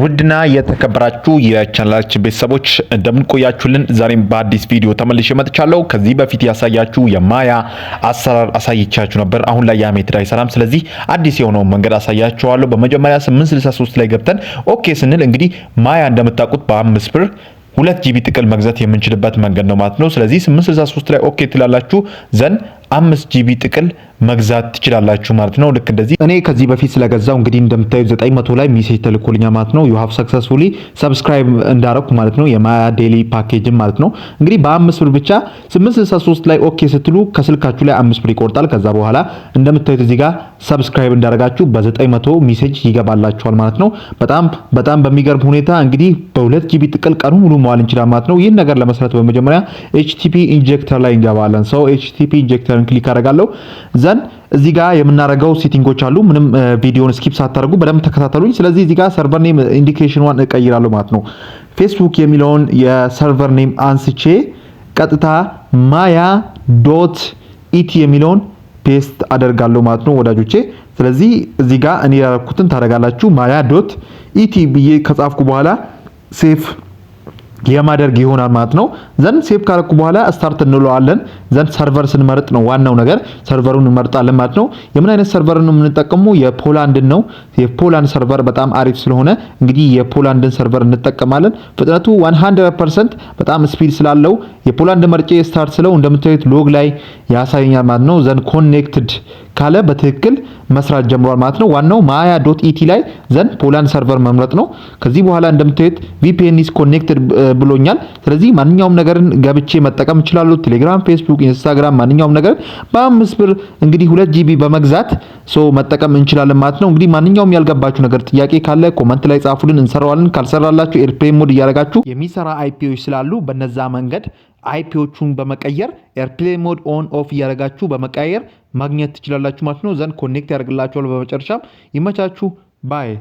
ውድና የተከበራችሁ የቻናላችን ቤተሰቦች እንደምን ቆያችሁልን? ዛሬም በአዲስ ቪዲዮ ተመልሼ መጥቻለሁ። ከዚህ በፊት ያሳያችሁ የማያ አሰራር አሳይቻችሁ ነበር። አሁን ላይ የአሜትድ አይሰራም። ስለዚህ አዲስ የሆነውን መንገድ አሳያችኋለሁ። በመጀመሪያ 863 ላይ ገብተን ኦኬ ስንል እንግዲህ ማያ እንደምታውቁት በአምስት ብር ሁለት ጂቢ ጥቅል መግዛት የምንችልበት መንገድ ነው ማለት ነው። ስለዚህ 863 ላይ ኦኬ ትላላችሁ ዘንድ አምስት ጂቢ ጥቅል መግዛት ትችላላችሁ ማለት ነው። ልክ እንደዚህ እኔ ከዚህ በፊት ስለገዛው እንግዲህ እንደምታዩት ዘጠኝ መቶ ላይ ሚሴጅ ተልኮልኛ ማለት ነው። ዩ ሀቭ ሰክሰስፉሊ ሰብስክራይብ እንዳረኩ ማለት ነው። የማያ ዴሊ ፓኬጅም ማለት ነው። እንግዲህ በአምስት ብር ብቻ 863 ላይ ኦኬ ስትሉ ከስልካችሁ ላይ አምስት ብር ይቆርጣል። ከዛ በኋላ እንደምታዩት እዚህ ጋር ሰብስክራይብ እንዳረጋችሁ በዘጠኝ መቶ ሚሴጅ ይገባላችኋል ማለት ነው። በጣም በጣም በሚገርም ሁኔታ እንግዲህ በሁለት ጂቢ ጥቅል ቀኑ ሙሉ መዋል እንችላል ማለት ነው። ይህን ነገር ለመስራት በመጀመሪያ ኤችቲፒ ኢንጀክተር ላይ እንገባለን። ሰው ኤችቲፒ ኢንጀክተር የሚለውን ክሊክ አደርጋለሁ። ዘን እዚህ ጋር የምናደርገው ሴቲንጎች አሉ። ምንም ቪዲዮን ስኪፕ ሳታደርጉ በደንብ ተከታተሉኝ። ስለዚህ እዚህ ጋር ሰርቨር ኔም ኢንዲኬሽን ዋን እቀይራለሁ ማለት ነው። ፌስቡክ የሚለውን የሰርቨር ኔም አንስቼ ቀጥታ ማያ ዶት ኢቲ የሚለውን ፔስት አደርጋለሁ ማለት ነው ወዳጆቼ። ስለዚህ እዚህ ጋር እኔ ያደረኩትን ታደርጋላችሁ። ማያ ዶት ኢቲ ብዬ ከጻፍኩ በኋላ ሴፍ የማደርግ ይሆናል ማለት ነው። ዘንድ ሴፍ ካረኩ በኋላ ስታርት እንለዋለን። ዘንድ ሰርቨር ስንመርጥ ነው ዋናው ነገር ሰርቨሩን እንመርጣለን ማለት ነው። የምን አይነት ሰርቨር ነው የምንጠቀሙ? የፖላንድን ነው። የፖላንድ ሰርቨር በጣም አሪፍ ስለሆነ እንግዲህ የፖላንድን ሰርቨር እንጠቀማለን። ፍጥነቱ 100% በጣም ስፒድ ስላለው የፖላንድ መርጬ ስታርት ስለው እንደምታዩት ሎግ ላይ ያሳየኛል ማለት ነው። ዘንድ ኮኔክትድ ካለ በትክክል መስራት ጀምሯል ማለት ነው። ዋናው ማያ ዶት ኢቲ ላይ ዘን ፖላንድ ሰርቨር መምረጥ ነው። ከዚህ በኋላ እንደምታዩት ቪፒኤን ኢስ ኮኔክትድ ብሎኛል። ስለዚህ ማንኛውም ነገርን ገብቼ መጠቀም እችላለሁ። ቴሌግራም፣ ፌስቡክ ኢንስታግራም፣ ማንኛውም ነገር በአምስት ብር እንግዲህ ሁለት ጂቢ በመግዛት ሶ መጠቀም እንችላለን ማለት ነው። እንግዲህ ማንኛውም ያልገባችሁ ነገር ጥያቄ ካለ ኮመንት ላይ ጻፉልን፣ እንሰራዋለን። ካልሰራላችሁ ኤርፕሌን ሞድ እያደረጋችሁ የሚሰራ አይፒዎች ስላሉ በነዛ መንገድ አይፒዎቹን በመቀየር ኤርፕሌን ሞድ ኦን ኦፍ እያደረጋችሁ በመቀየር ማግኘት ትችላላችሁ ማለት ነው። ዘንድ ኮኔክት ያደርግላችኋል። በመጨረሻም ይመቻችሁ ባይ